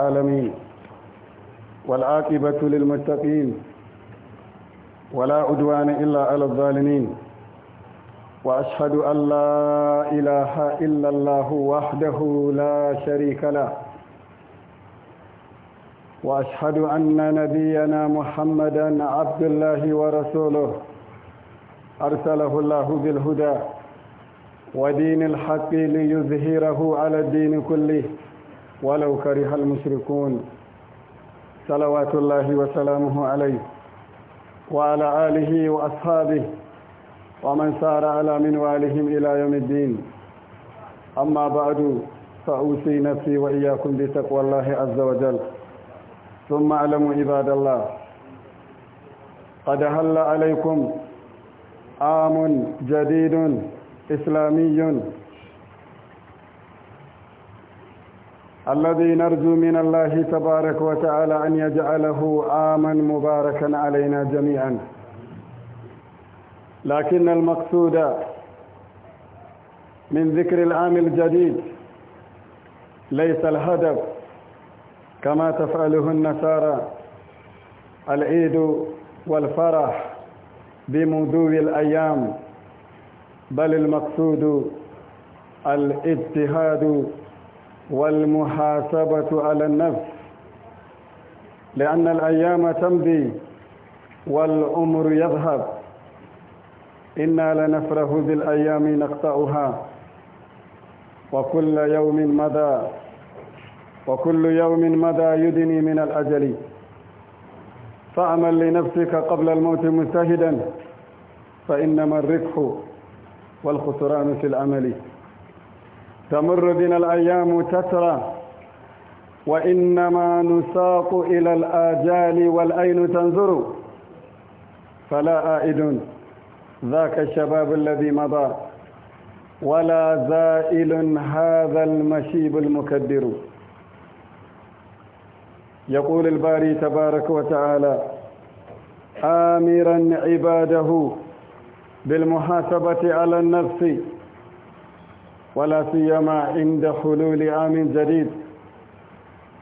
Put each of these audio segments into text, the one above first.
العالمين والعاقبة للمتقين ولا عدوان إلا على الظالمين وأشهد أن لا إله إلا الله وحده لا شريك له وأشهد أن نبينا محمدا عبد الله ورسوله أرسله الله بالهدى ودين الحق ليظهره على الدين كله ولو كره المشركون صلوات الله وسلامه عليه وعلى آله وأصحابه ومن سار على منوالهم إلى يوم الدين أما بعد فأوصي نفسي وإياكم بتقوى الله عز وجل ثم أعلموا عباد الله قد هل عليكم عام جديد إسلامي الذي نرجو من الله تبارك وتعالى أن يجعله عاما مباركا علينا جميعا لكن المقصود من ذكر العام الجديد ليس الهدف كما تفعله النصارى العيد والفرح بمضو الأيام بل المقصود الاجتهاد والمحاسبة على النفس لأن الأيام تمضي والعمر يذهب إنا لنفرح بالأيام نقطعها وكل يوم مدى وكل يوم مدى يدني من الأجل فاعمل لنفسك قبل الموت مجتهدا فإنما الربح والخسران في العمل تمر بنا الأيام تترى وإنما نساق إلى الآجال والأين تنظر فلا آئد ذاك الشباب الذي مضى ولا زائل هذا المشيب المكدر يقول الباري تبارك وتعالى آمرا عباده بالمحاسبة على النفس ولا سيما عند حلول عام جديد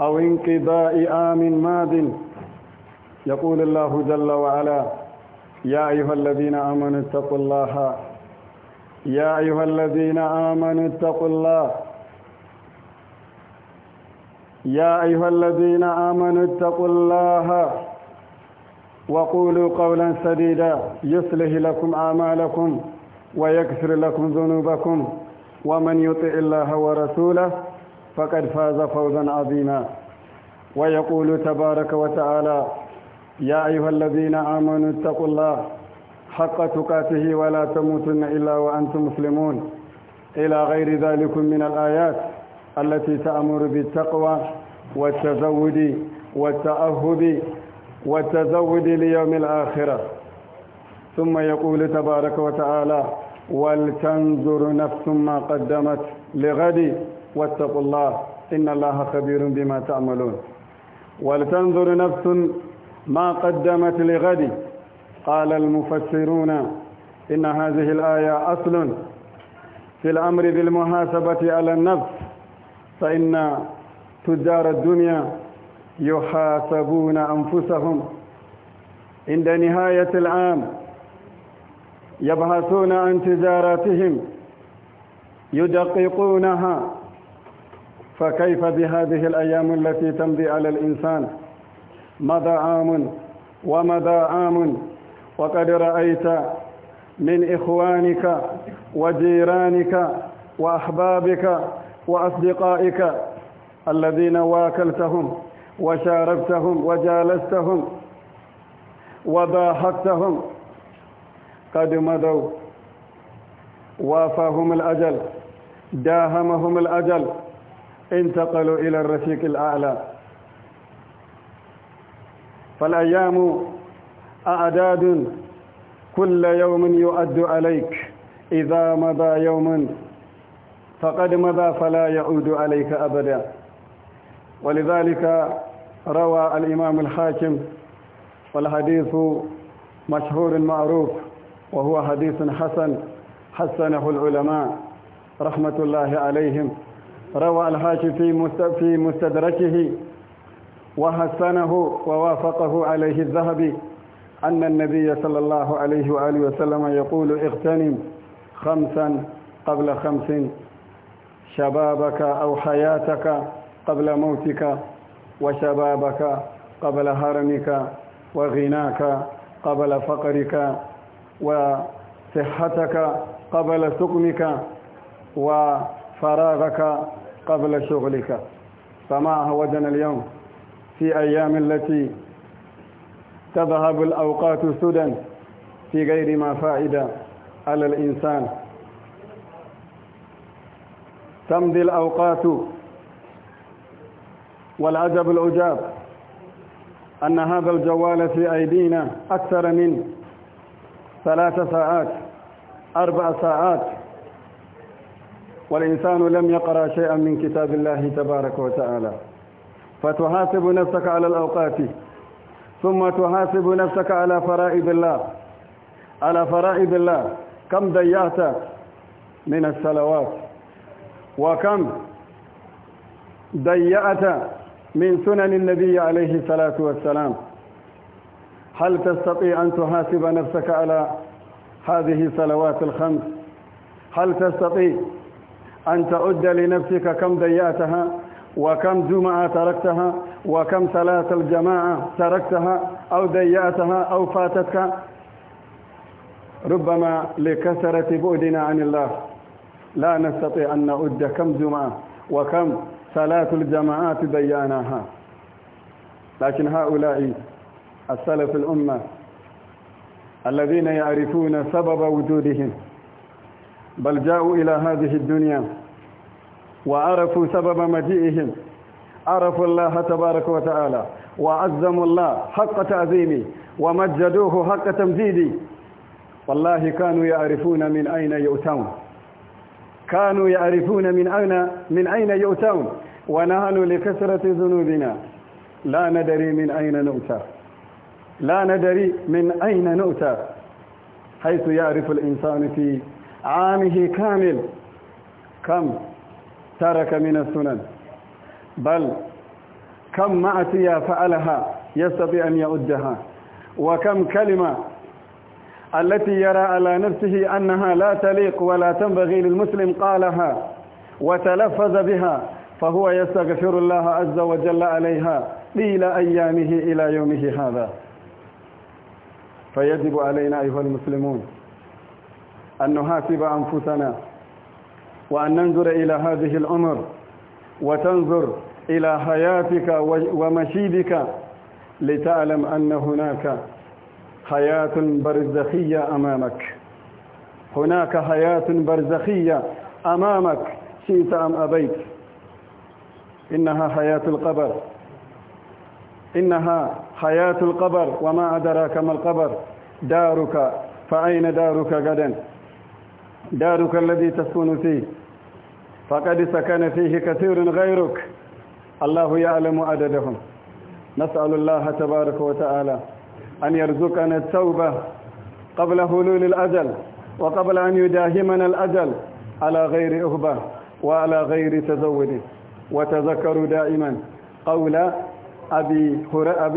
أو انقضاء عام ماض يقول الله جل وعلا يا أيها الذين آمنوا اتقوا الله يا أيها الذين آمنوا اتقوا الله يا أيها الذين آمنوا اتقوا الله وقولوا قولا سديدا يصلح لكم أعمالكم ويكثر لكم ذنوبكم ومن يطع الله ورسوله فقد فاز فوزا عظيما ويقول تبارك وتعالى يا أيها الذين آمنوا اتقوا الله حق تقاته ولا تموتن إلا وأنتم مسلمون إلى غير ذلك من الآيات التي تأمر بالتقوى والتزود والتأهب والتزود ليوم الآخرة ثم يقول تبارك وتعالى ولتنظر نفس ما قدمت لغد واتقوا الله إن الله خبير بما تعملون ولتنظر نفس ما قدمت لغد قال المفسرون إن هذه الآية أصل في الأمر بالمحاسبة على النفس فإن تجار الدنيا يحاسبون أنفسهم عند نهاية العام يبحثون عن تجاراتهم يدققونها فكيف بهذه الأيام التي تمضي على الإنسان مضى عام ومضى عام وقد رأيت من إخوانك وجيرانك وأحبابك وأصدقائك الذين واكلتهم وشاربتهم وجالستهم وضاحكتهم قد مضوا وافاهم الأجل داهمهم الأجل انتقلوا إلى الرفيق الأعلى فالأيام أعداد كل يوم يؤد عليك إذا مضى يوم فقد مضى فلا يعود عليك أبدا ولذلك روى الإمام الحاكم والحديث مشهور معروف وهو حديث حسن حسنه العلماء رحمة الله عليهم روى الحاج في مستدركه وحسنه ووافقه عليه الذهبي أن النبي صلى الله عليه وآله وسلم يقول اغتنم خمسا قبل خمس شبابك أو حياتك قبل موتك وشبابك قبل هرمك وغناك قبل فقرك وصحتك قبل سقمك وفراغك قبل شغلك فما هوجنا اليوم في أيام التي تذهب الأوقات سدى في غير ما فائدة على الإنسان تمضي الأوقات والعجب العجاب أن هذا الجوال في أيدينا أكثر من ثلاث ساعات أربع ساعات والإنسان لم يقرأ شيئا من كتاب الله تبارك وتعالى فتحاسب نفسك على الأوقات ثم تحاسب نفسك على فرائض الله على فرائض الله كم ضيعت من الصلوات وكم ضيعت من سنن النبي عليه الصلاة والسلام هل تستطيع أن تحاسب نفسك على هذه الصلوات الخمس هل تستطيع أن تعد لنفسك كم ضيعتها وكم جمعة تركتها وكم صلاة الجماعة تركتها أو ضيعتها أو فاتتك ربما لكثرة بعدنا عن الله لا نستطيع أن نعد كم جمعة وكم صلاة الجماعات ضيعناها لكن هؤلاء السلف الأمة الذين يعرفون سبب وجودهم بل جاءوا إلى هذه الدنيا وعرفوا سبب مجيئهم عرفوا الله تبارك وتعالى وعزموا الله حق تعظيمه ومجدوه حق تمجيدي والله كانوا يعرفون من أين يؤتون كانوا يعرفون من أين من أين يؤتون ونحن لكثرة ذنوبنا لا ندري من أين نؤتى لا ندري من أين نؤتى حيث يعرف الإنسان في عامه كامل كم ترك من السنن بل كم معتيا فعلها يستطيع أن يؤدها وكم كلمة التي يرى على نفسه أنها لا تليق ولا تنبغي للمسلم قالها وتلفز بها فهو يستغفر الله عز وجل عليها طيل أيامه إلى يومه هذا فيجب علينا أيها المسلمون أن نحاسب أنفسنا وأن ننظر إلى هذه الأمر وتنظر إلى حياتك ومشيدك لتعلم أن هناك حياة برزخية أمامك هناك حياة برزخية أمامك شئت أم أبيت إنها حياة القبر إنها حياة القبر وما أدراك ما القبر دارك فأين دارك غدا دارك الذي تسكن فيه فقد سكن فيه كثير غيرك الله يعلم عددهم نسأل الله تبارك وتعالى أن يرزقنا التوبة قبل هلول الأجل وقبل أن يداهمنا الأجل على غير أهبة وعلى غير تزود وتذكروا دائما قول أبي,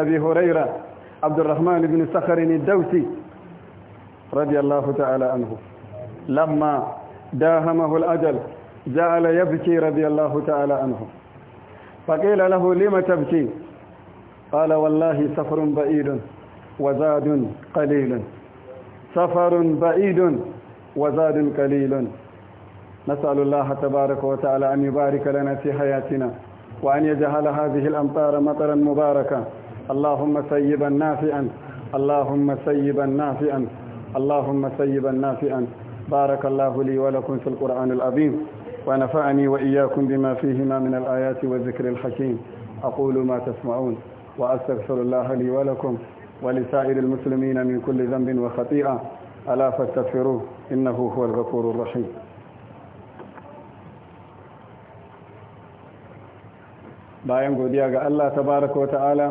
أبي هريرة عبد الرحمن بن سخر الدوسي رضي الله تعالى عنه لما داهمه الأجل جعل يبكي رضي الله تعالى عنه فقيل له لم تبكي قال والله سفر بعيد وزاد قليل سفر بعيد وزاد قليل نسأل الله تبارك وتعالى أن يبارك لنا في حياتنا وأن يجعل هذه الأمطار مطرا مباركا اللهم سيبا نافعا اللهم سيبا نافعا اللهم سيبا نافعا بارك الله لي ولكم في القرآن العظيم ونفعني وإياكم بما فيهما من الآيات والذكر الحكيم أقول ما تسمعون وأستغفر الله لي ولكم ولسائر المسلمين من كل ذنب وخطيئة ألا فاستغفروه إنه هو الغفور الرحيم bayan godiya ga Allah Ta baraka wa ta'ala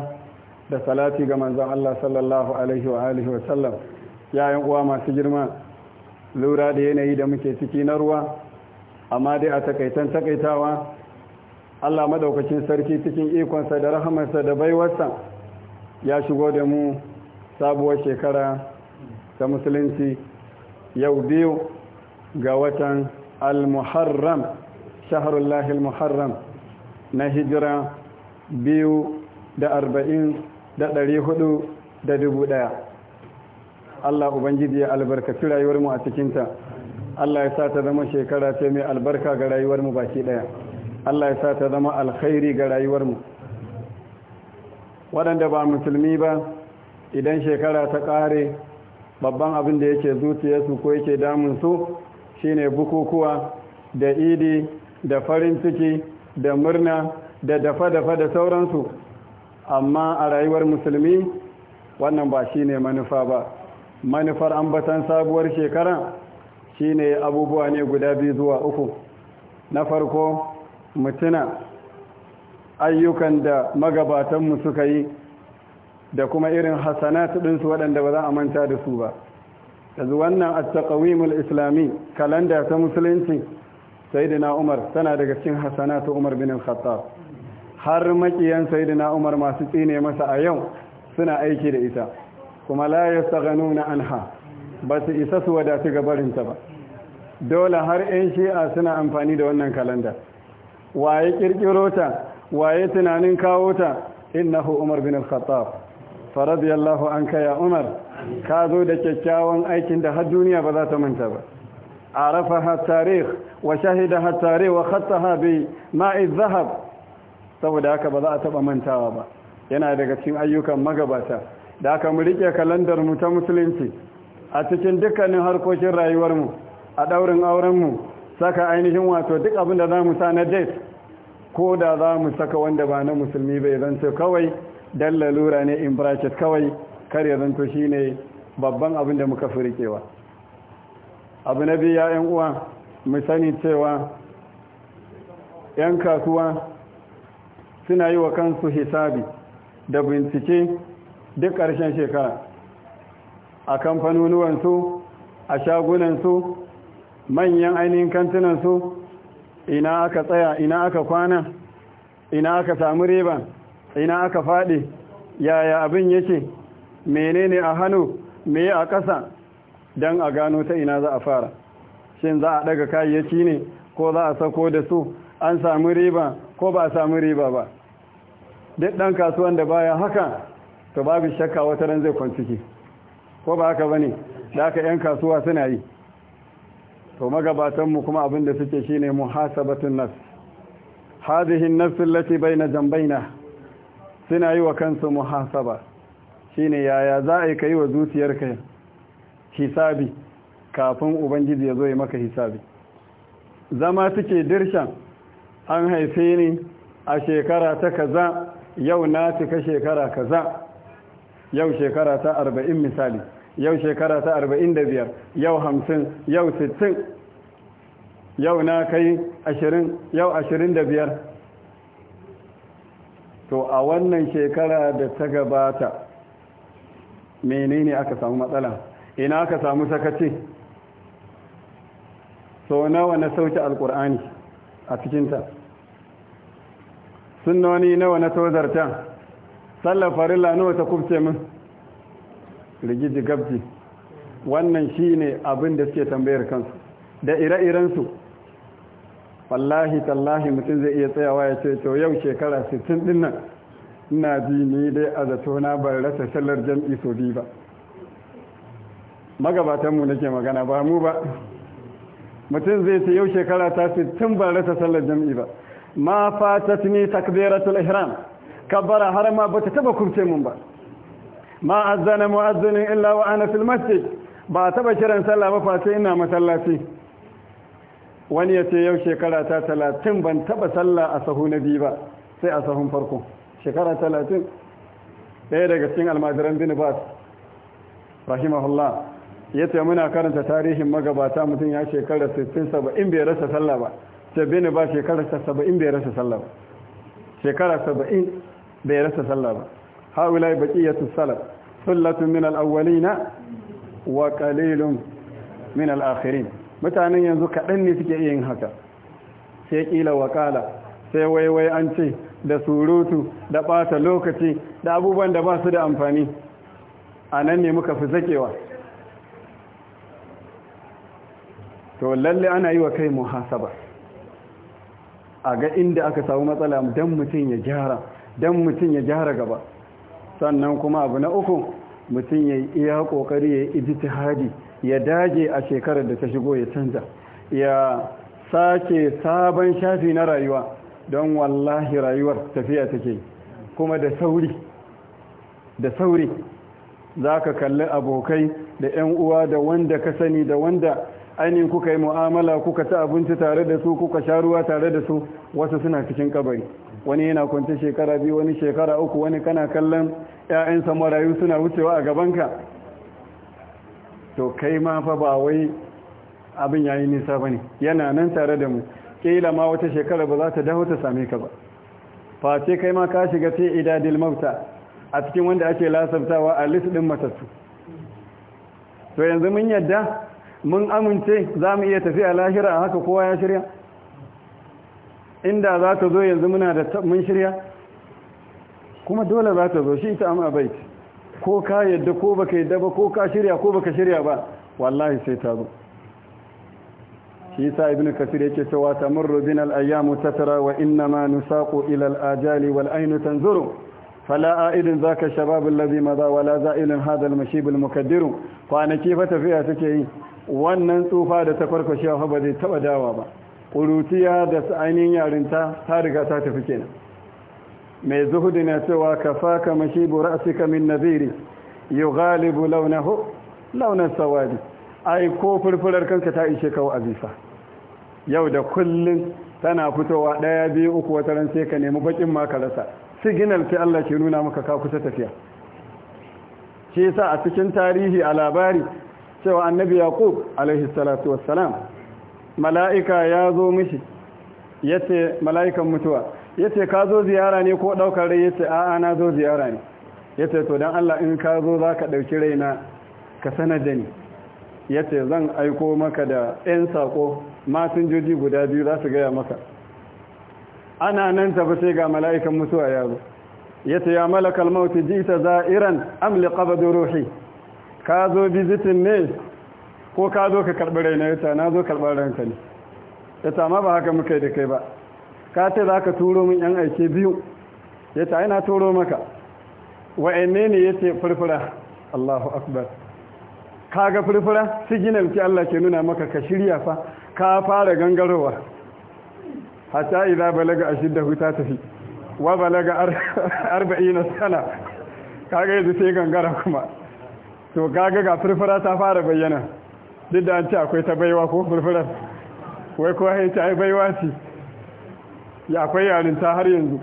da salati ga manzan Allah sallallahu alaihi wa Alaihi wa sallam yayin uwa masu girma lura da yanayi da muke ciki na ruwa amma dai a takaitan takaitawa Allah maɗaukacin sarki cikin ikonsa da rahamarsa da baiwarsa ya shigo da mu sabuwar shekara ta musulunci yau biyu ga watan al-muharram shahrullahi al-muharram na hijira biyu da arba'in da ɗari hudu da dubu ɗaya Allah Ubangiji ya albarkaci rayuwarmu a cikinta Allah ya sa ta zama shekara ce mai albarka ga rayuwarmu baki ɗaya Allah ya sa ta zama alkhairi ga rayuwarmu waɗanda ba musulmi ba idan shekara ta ƙare babban abin da yake zuciyarsu ko yake damunsu shine bukukuwa da idi da farin ciki da murna da dafa-dafa da sauransu amma a rayuwar musulmi wannan ba shi ne manufa ba manufar ambatan sabuwar shekara shi ne abubuwa ne guda biyu zuwa uku na farko mutuna ayyukan da magabatanmu suka yi da kuma irin hasanat ɗinsu waɗanda ba za a manta da su ba yanzu wannan a taƙawimul islami kalanda ta musulunci sayyidina umar tana daga cikin hasanatu umar bin al-khattab har makiyan sayyidina umar masu tsine masa a yau suna aiki da ita kuma la yastaghanuna anha ba su isa su wadatu ga barinta ba dole har 'yan shi'a suna amfani da wannan kalanda waye kirkiro ta waye tunanin kawo ta innahu umar bin al-khattab radiyallahu anka ya umar ka zo da kyakkyawan aikin da har duniya ba za ta manta ba عرفها التاريخ وشهدها التاريخ وخطها بماء الذهب saboda haka ba za a taba mantawa ba yana daga cikin ayyukan magabata da aka mu rike kalandar mu ta musulunci a cikin dukkanin harkokin rayuwar mu a daurin auren mu saka ainihin wato duk abin da zamu sa na date ko da zamu saka wanda ba na musulmi bai zanto kawai dan lura ne in bracket kawai kar ya zanto shine babban abin da muka fi rikewa abu na biya 'yan uwa mu sani cewa 'yan kasuwa suna yi wa kansu hisabi da bincike duk ƙarshen shekara a kamfanonuwansu a shagunansu manyan ainihin kantinansu ina aka tsaya ina aka kwana ina aka samu riba ina aka faɗi yaya abin yake menene a hannu me a ƙasa don a gano ta ina za a fara shin za a daga kayayyaki ne ko za a sako da su an samu riba ko ba a samu riba ba duk ɗan kasuwan da baya haka to babu shakka wata ran zai kwanciki ko ba haka ne da aka yan kasuwa suna yi to magabatanmu kuma abin da suke ne muhasabatun nas hadhihi an suna yi wa kansu muhasaba ne yaya za a yi yi wa zuciyarka hisabi kafin ubangiji ya zo ya maka hisabi zama take dirshan an haife ni a shekara ta kaza yau na cika shekara kaza yau shekara ta arba'in misali yau shekara ta arba'in da biyar yau hamsin yau sittin yau na kai ashirin yau ashirin da biyar to a wannan shekara da ta gabata menene aka samu matsala ina ka samu sakaci? So nawa na sauke alkur'ani a cikinta sunnoni nawa na tozarta sallar farilla nawa ta kubce min rigidi gabji wannan shine abin da suke tambayar kansu da ire-irensu wallahi tallahi mutum zai iya tsayawa ya ce to yau shekara 60 din ina jini ni dai a zato na ban rasa sallar jam'i so biyu ba magabatanmu nake magana ba mu ba mutum zai ce yau shekara ta tun ban rasa sallar jam'i ba ma fatatni takbiratul ihram kabbara har ma bata taba kubce mun ba ma azana mu'azzin illa wa ana fil masjid ba taba kiran sallah ba face ina masallaci wani ya ce yau shekara ta talatin ban taba sallah a sahu na biyu ba sai a sahun farko shekara talatin ɗaya daga cikin almajiran bin bas rahimahullah ya ce muna karanta tarihin magabata mutum ya shekara 60 saba'in bai rasa sallah ba ce ba shekara 70 bai rasa sallah ba shekara 70 bai rasa sallah ba haula baqiyatu salaf sullatun min al na wa qalilun min alakhirin mutanen yanzu kaɗan ne suke yin haka sai kila wakala sai waiwai an ce da surutu da ɓata lokaci da abubuwan da ba su da amfani a nan ne muka fi zakewa to lalle ana yi wa kai muhasaba a ga inda aka samu matsala don mutum ya gyara don mutum ya gyara gaba sannan kuma abu na uku mutum ya yi iya kokari ya yi ya dage a shekarar da ta shigo ya canza ya sake sabon shafi na rayuwa don wallahi rayuwar tafiya take kuma da sauri da sauri za ka kalli abokai da 'yan uwa da wanda ka sani da wanda ainihin kuka yi mu'amala kuka ci abinci tare da su kuka sha ruwa tare da su wasu suna cikin kabari wani yana kwanci shekara biyu wani shekara uku wani kana kallon 'ya'yansa marayu suna wucewa a gabanka to kai ma fa ba wai abin ya yi nisa ba ne yana nan tare da mu kila ma wata shekara ba za ta dawo ta same ka ba face kai ma ka shiga ce idadil mauta a cikin wanda ake lasartawa a list din matattu to yanzu mun yadda mun amince za mu iya tafiya lahira a haka kowa ya shirya inda za ta zo yanzu muna da mun shirya kuma dole za ta zo shi ita amma bai ko ka yadda ko baka yadda ba ko ka shirya ko baka shirya ba wallahi sai ta zo shi sa ibn kasir yake cewa tamurru bin al-ayyamu tatara wa inna ma nusaqu ila al-ajali wal aynu tanzuru فلا عائد ذاك الشباب الذي مضى ولا زائل هذا المشيب المكدر فانا كيف تفيها yi. wannan tsufa da ta farko shi ba zai taba dawa ba ƙurutiya da ainihin yarinta ta riga ta tafi kenan mai Zuhudi na cewa ka faka mashi bura'asika min naziri yau galibu launar sawadi ai ko furfurar kanka ta ishe kawo a bisa yau da kullum tana fitowa ɗaya biyu uku wata ran sai ka nemi bakin ma ka rasa siginal sai Allah ke nuna maka ka kusa tafiya shi yasa a cikin tarihi a labari cewa annabi yaqub alaihi salatu wassalam mala'ika ya zo mishi yace mala'ikan mutuwa yace ka zo ziyara ne ko daukar rai yace a'a na zo ziyara ne yace to dan Allah in ka zo zaka dauki raina ka sanar da ni yace zan aiko maka da ɗan sako masinjoji guda biyu za su gaya maka ana nan tafi sai ga mala'ikan mutuwa ya zo yace ya malakal maut ji'ta za'iran am liqabd ruhi ka zo bizitin ne ko ka zo ka karɓi raina yata na zo karɓar ranka ne ya ta ma ba haka muka yi da kai ba ka ce za ka turo min yan aike biyu ya ta ina turo maka wa'anne ne ya ce furfura allahu akbar ka ga furfura su gina mafi allah ke nuna maka ka shirya fa ka fara gangarowa Hata idza balaga ashiddahu ta tafi wa balaga na sana kaga yanzu sai gangara kuma to gaga ga furfura ta fara bayyana duk da an ce akwai ta baiwa ko furfurar wai ko ya ce ai baiwa ce ya akwai yarinta har yanzu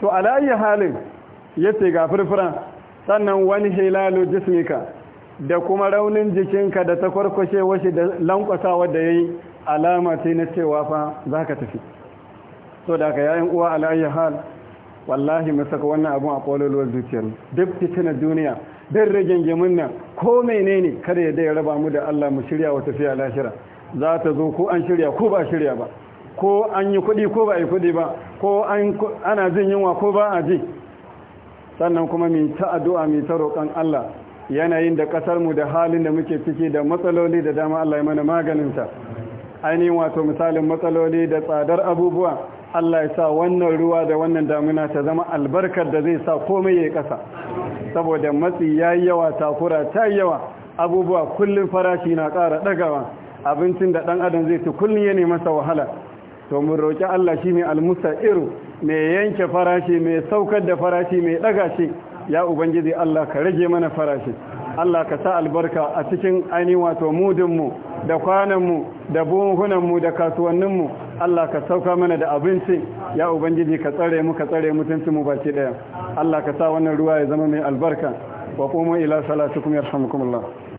to alayyi halin yace ga furfura sannan wani hilalo jismika da kuma raunin jikinka da ta kwarkwashe washi da lankwasa wadda yayi alama ce na cewa fa zaka tafi to da ka yayin uwa alayyi hal wallahi mu saka wannan abun a kwalolwar zuciyar duk titina duniya duk rage gemun nan ko menene kada ya da ya raba mu da Allah mu shirya wa tafiya lashira za ta zo ko an shirya ko ba shirya ba ko an yi kuɗi ko ba yi kuɗi ba ko ana jin yunwa ko ba a ji sannan kuma mai ta addu'a mai ta roƙon Allah yanayin da ƙasarmu da halin da muke ciki da matsaloli da dama Allah ya mana maganinta ainihin wato misalin matsaloli da tsadar abubuwa Allah ya sa wannan ruwa da wannan damina ta zama albarkar da zai sa komai ya yi ƙasa saboda matsi ya yi yawa takura ta yi yawa abubuwa kullum farashi na ƙara ɗagawa abincin da ɗan adam zai ci kullum ya ne masa wahala to mun roƙi Allah shi ne almusta'iru mai yanke farashi mai saukar da farashi mai ɗaga shi ya ubangiji Allah ka rage mana farashi Allah ka sa albarka a cikin ainihin wato mudinmu da kwananmu da buhunanmu da kasuwanninmu Allah ka sauka mana da abinci ya ubangiji ka tsare mu ka tsare mu baki daya Allah ka sa wannan ruwa ya zama mai albarka wa kuma ila salatikum yarhamukumullah